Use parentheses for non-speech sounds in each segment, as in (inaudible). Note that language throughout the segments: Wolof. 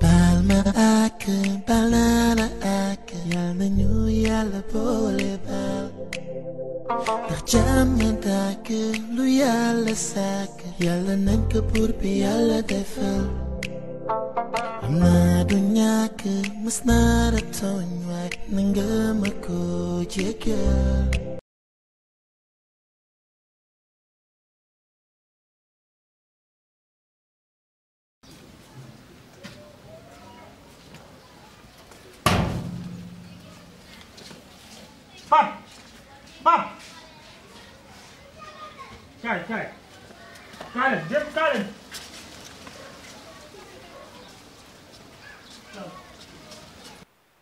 Palma ak, banana ak Yal nañu yàlla boole baal ndax jàmm dàkk lu yàlla sàkk yàlla nañ ko buur bi yàlla defal am naa du ñàkk mës naa la tooñ waay na nga ma ko jéggal Bab. Bab. Cari, cari. Cari, dia cari.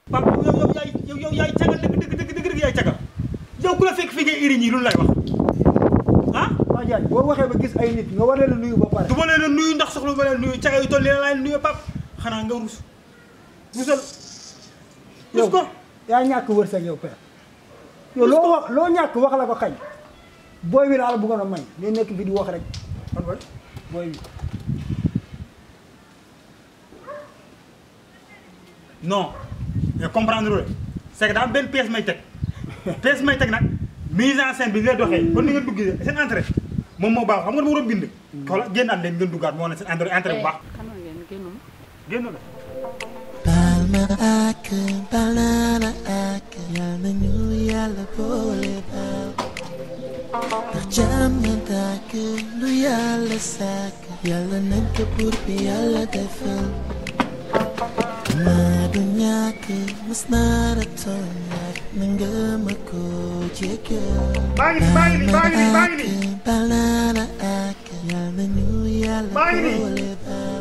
Bab, yow yow yaay yow yow yaay caga dëgg dëgg dëgg dëgg yaay caga. Yow ku la fekk fi ngay iri ñi lu lay wax. Ah? Ba jaaj, boo waxee ba gis ay nit nga war leen a nuyu ba pare. Du ma leen a nuyu ndax soxlu ma leen nuyu caga yu toll leen laa leen nuyu pap. Xanaa nga rus. Rusal. Rus ko. Yaa ñàkk wërsëg yow père. yow loo wax loo ñàkk wax la ko xañ booy bi laa la bëggoon a may day nekk bi di wax rek booy bi non comprendre loolu c'est que daal benn pièce may teg pièce may teg nag mise en scène bi ngay doxee kon ni nga dugg seen entrée moom moo baax xam nga war a bind hmm. xoola génnaat leen ngeen duggaat moo ne seen entrée entrée bu baax eh, génn jaam ñoo tàkk lu yàlla sàkk yàlla nañ ko buur bi yàlla defal maa du ñàkk mës naa la toll nag nga ma ko jéggal maa ngi àkk yàlla ñu yàlla boole baal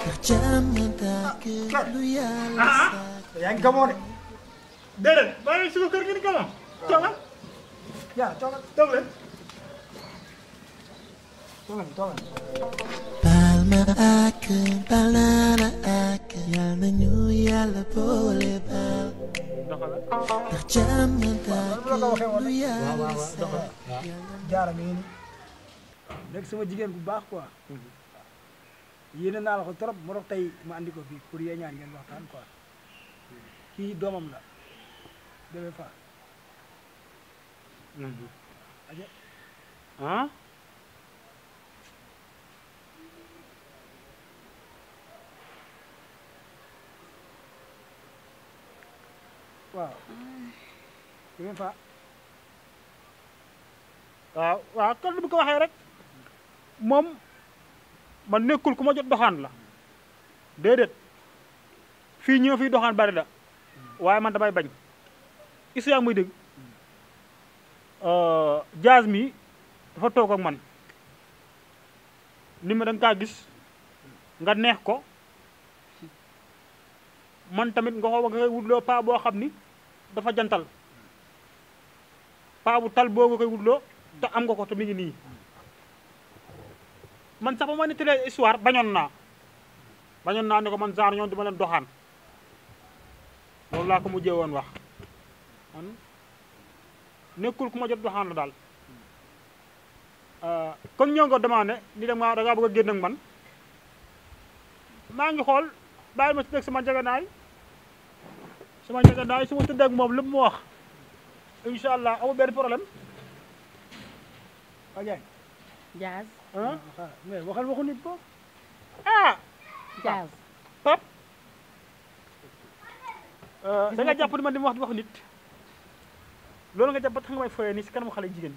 ndax jaam ñoo tàkk gi di gamoo Ja, ya, tonen. Tonen. Tonen, Palma aku, banana aku Yang menyuyal boleh bal Berjam mentaku, yang bisa Nek sama jigéen bu baax quoi yéene naa la ko trop mo tax tey ma andi ko fii pour yee ñaan ngeen waxtaan quoi kii doomam la demee ah waaw waaw waaw kon bu ko waxee rek moom man nekkul ku ma jot doxaan la déedéet fii ñëw fii doxaan bari da hmm. waaye man damay bañ isu yaa muy dégg Euh, Jazmi mi dafa toog ak man ni ma da nga gis nga neex ko man tamit nga xowa nga wudlo pa bo xamni dafa jantal pa bu tal bo nga koy wudlo ta am nga ko to mi ngi nii man sa ba ma nettalee histoire bañon na bañon na ne ko man ñoo duma len doxan lolou la ko mu jewon wax nekkul ku ma jot doxaan la daal comme euh, ñoo nga demandé ni da ngaa da ngaa man maa ngi xool bàyyi ma tëdd ak sama njëganaay sama njëganaay su ma tëdd moom lépp mu wax incha allah amul benn problème. Ah, ah, waxal waxu nit ah. Diaz euh, jàpp ni man di ma wax di wax loolu nga jàpp nga may foyee nii si kanamu xale jigéen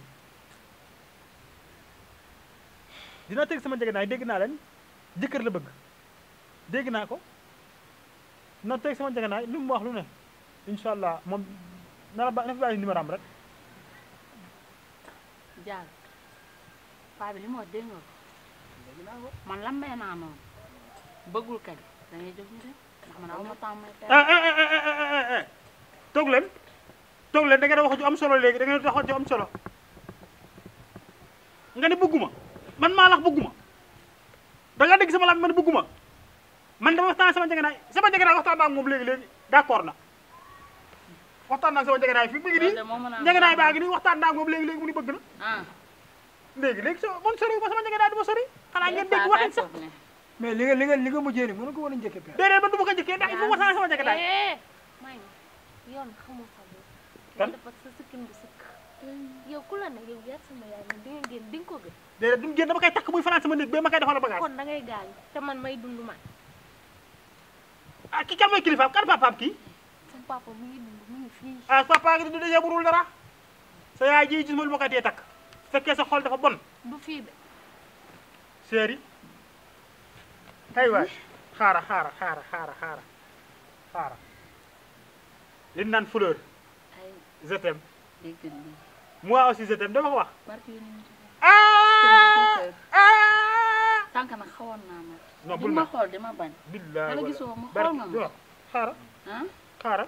ñi sama njëgën naay dégg naa leen la bëgg dégg na ko na tek sama njëgën lu mu wax lu ne inshallah mom na la ba na fa numéro am rek. Diallo fa bi li ma dégg ko man lam mbay na noonu bëggul kat da ngay man ma toog leen da ngeen wax ju am solo léegi da ngeen wax ju am solo nga ne bëgguma man maa lax bëgguma da nga dégg sama laaj man bëgguma man dama waxtaan sama njëgënaay sama njëgënaay waxtaan naa moom léegi léegi d'accord na waxtaan naa sama fi mu ni bëgg na so man sori ma sama njëgënaay du sori xanaa ngeen dégg waxin sax mais li nga li nga li nga mujjee ni mënu ko war a njëkkee déedéet man ko ndax yoon sa kan dafa sa sikkin bi sikk yow ku la ne yow yaa sama yaay man di nga génn di nga ko gën déedéet takk muy fanaan sama néeg ba ma koy defal bagage kon man may dund man ah ki kan mooy kilifaam kan papaam kii sama papa mu ngi dund burul dara sa yaay ji gis ma lu ma koy takk fekkee sa xol dafa bon du fii de séeri tay waay xaara xaara xaara xaara xaara je t'aime. moi aussi je t'aime dama ko wax. Ah! Ah! tànk nag xawoon naa nag. non bul ma xool dama bañ. billaay wala gisoo ma xool nga ma. xaaral. xaaral.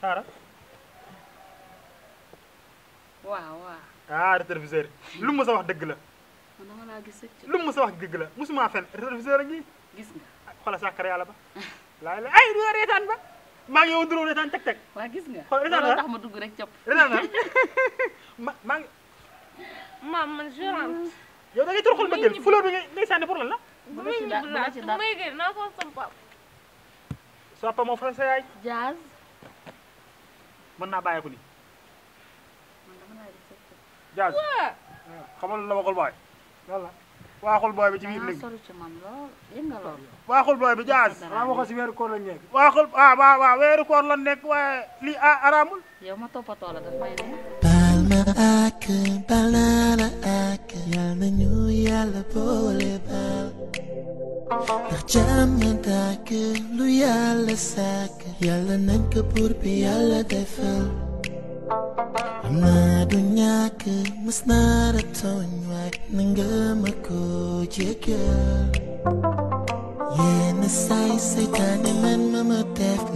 xaaral. waaw waaw. ah rétroviseur lu mu sa wax dëgg la. man dama laa gis rek lu mu sa wax dëgg la musuma fen rétroviseur a ngi. gis nga. ah xoolal sàkkar yàlla ba. laay la ay reetaan ba. maa ngi yow duroo retaan teg teg. waa gis loolu tax ma dugg rek cëpp. (laughs) ma maa ngi. maam man je rentre. yow da ngay turxul bëggeel fleur ma ci da bu ma ci da may gën naa ko sama papa. sa moo français yaay. jazz. mën naa bàyyi ko nii. jazz. waaw xamal la waxal waay. waaxul booy bi ci biir léegi sori ci man lool yëg booy bi jaas waaw waxo koor lañ nekk waaxul waaw koor lañ nekk waaye lii a ah, araamul yow baal ma ak baal naa la ak yal na ñu boole baal ndax jàmm dàkk lu yàlla sàkk yàlla defal I'm I'm not not Madunya ke musnada tonwa Nanggama ko jaga Yena say say tani man mamatef